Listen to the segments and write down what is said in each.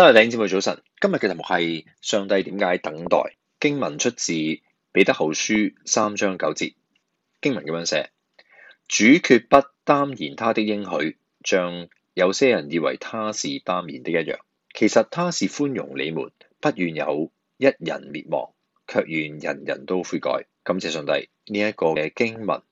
真係頂，姐妹早晨。今日嘅題目係上帝點解等待？經文出自彼得後書三章九節，經文咁樣寫：主決不擔言他的應許，像有些人以為他是擔言的一樣。其實他是寬容你們，不願有一人滅亡，卻願人人都悔改。感謝上帝，呢一個嘅經文，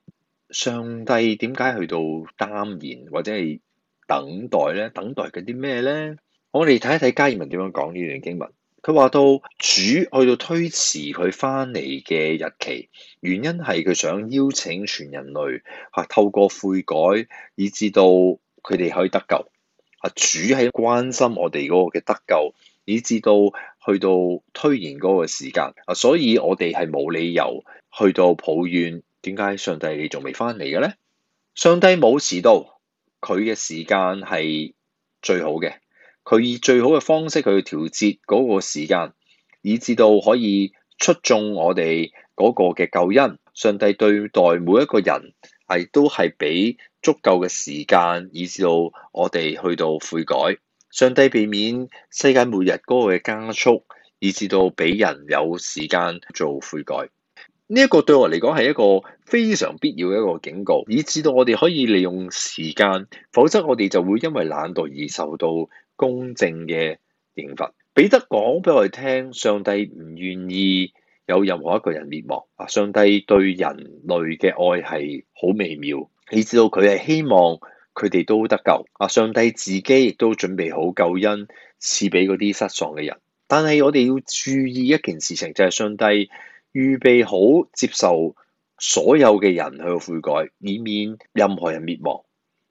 上帝點解去到擔言或者係等待呢？等待緊啲咩呢？」我哋睇一睇加爾文點樣講呢段經文。佢話到主去到推遲佢翻嚟嘅日期，原因係佢想邀請全人類，啊，透過悔改，以至到佢哋可以得救。啊，主係關心我哋嗰個嘅得救，以至到去到推延嗰個時間啊，所以我哋係冇理由去到抱怨點解上帝你仲未翻嚟嘅咧？上帝冇遲到，佢嘅時間係最好嘅。佢以最好嘅方式去調節嗰個時間，以至到可以出眾我哋嗰個嘅救恩。上帝對待每一個人，係都係俾足夠嘅時間以至到我哋去到悔改。上帝避免世界末日嗰個嘅加速，以至到俾人有時間做悔改。呢、這、一個對我嚟講，係一個非常必要嘅一個警告，以至到我哋可以利用時間，否則我哋就會因為懶惰而受到。公正嘅刑罰，彼得講俾我哋聽，上帝唔願意有任何一個人滅亡。啊，上帝對人類嘅愛係好微妙，你知道佢係希望佢哋都得救。啊，上帝自己亦都準備好救恩賜俾嗰啲失喪嘅人。但係我哋要注意一件事情，就係上帝預備好接受所有嘅人去悔改，以免任何人滅亡。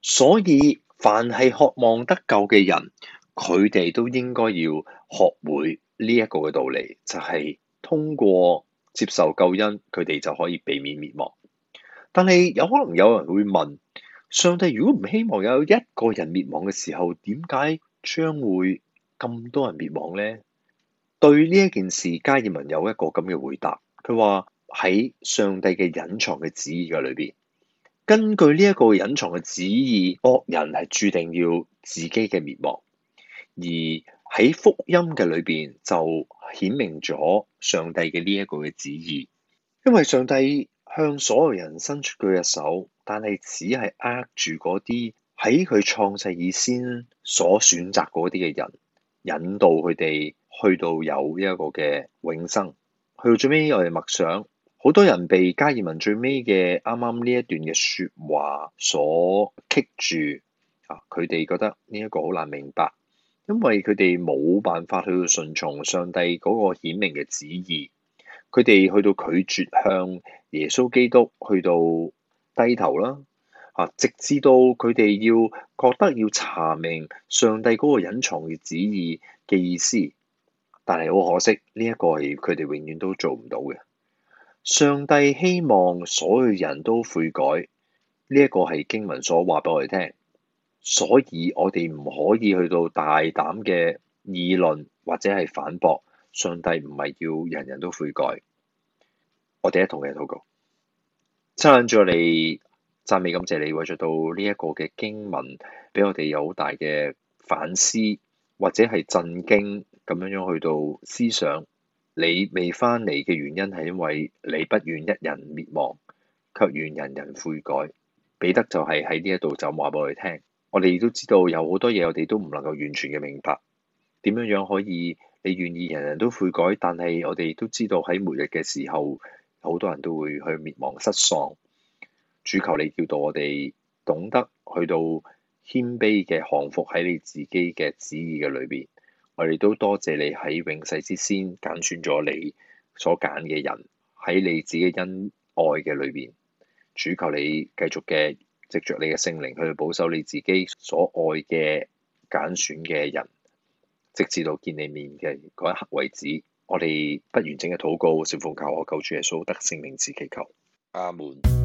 所以凡係渴望得救嘅人。佢哋都應該要學會呢一個嘅道理，就係通過接受救恩，佢哋就可以避免滅亡。但係有可能有人會問：「上帝如果唔希望有一個人滅亡嘅時候，點解將會咁多人滅亡呢？」對呢一件事，加爾文有一個咁嘅回答。佢話喺上帝嘅隱藏嘅旨意嘅裏邊，根據呢一個隱藏嘅旨意，惡人係注定要自己嘅滅亡。而喺福音嘅裏邊就顯明咗上帝嘅呢一個嘅旨意，因為上帝向所有人伸出佢嘅手，但係只係握住嗰啲喺佢創世以先所選擇嗰啲嘅人，引導佢哋去到有呢一個嘅永生，去到最尾我哋默想，好多人被加爾文最尾嘅啱啱呢一段嘅說話所棘住，啊，佢哋覺得呢一個好難明白。因為佢哋冇辦法去到順從上帝嗰個顯明嘅旨意，佢哋去到拒絕向耶穌基督去到低頭啦，啊，直至到佢哋要覺得要查明上帝嗰個隱藏嘅旨意嘅意思，但係好可惜呢一個係佢哋永遠都做唔到嘅。上帝希望所有人都悔改，呢一個係經文所話俾我哋聽。所以我哋唔可以去到大膽嘅議論或者係反駁上帝唔係要人人都悔改。我哋一同嘅禱告，讚住你讚美、感謝你，為咗到呢一個嘅經文，俾我哋有好大嘅反思或者係震驚咁樣樣去到思想。你未返嚟嘅原因係因為你不願一人滅亡，卻願人人悔改。彼得就係喺呢一度就話俾我哋聽。我哋都知道有好多嘢，我哋都唔能夠完全嘅明白點樣樣可以。你願意人人都悔改，但係我哋都知道喺末日嘅時候，好多人都會去滅亡失喪。主求你叫到我哋懂得去到謙卑嘅降服喺你自己嘅旨意嘅裏邊，我哋都多謝你喺永世之先揀選咗你所揀嘅人，喺你自己恩愛嘅裏邊。主求你繼續嘅。藉着你嘅聖靈，去保守你自己所愛嘅揀選嘅人，直至到見你面嘅嗰一刻為止。我哋不完整嘅禱告，小求奉教我救主耶穌德聖靈字祈求。阿門。